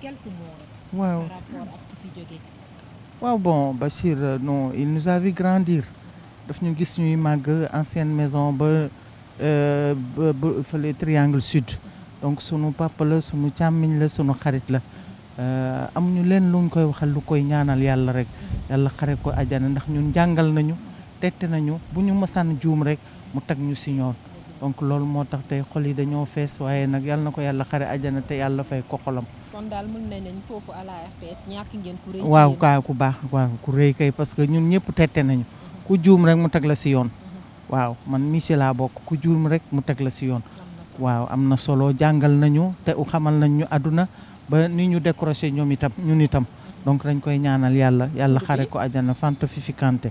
quelques mots bon Bachir euh, non il nous a vu grandir nous avons vu ñuy ancienne maison ba euh, le triangle sud donc son papa la sunu càmmiñ la nous xarit la euh, am ñu luñ koy lu koy ñaanal que rek ko nous ndax ñun nañu tette nañu bu ñu mësaan juum rek mu teg ñu si ñoon donc loolu moo tax tey xol yi dañoo fees waaye nag yal na ko yàlla xare àjjana te yàlla fay ko xolam. kon daal ku waaw kaa ku baax ku rëy kay parce que ñun ñëpp tette nañu. ku juum rek mu teg la si yoon. waaw man mi si bokk ku juum rek mu teg la si yoon. waaw am na solo jàngal nañu te xamal nañ ñu àdduna ba ni ñu décroché ñoom itam ñun itam donc dañ koy ñaanal yàlla yàlla xare ko àjjana Fanta Fifi Kanté.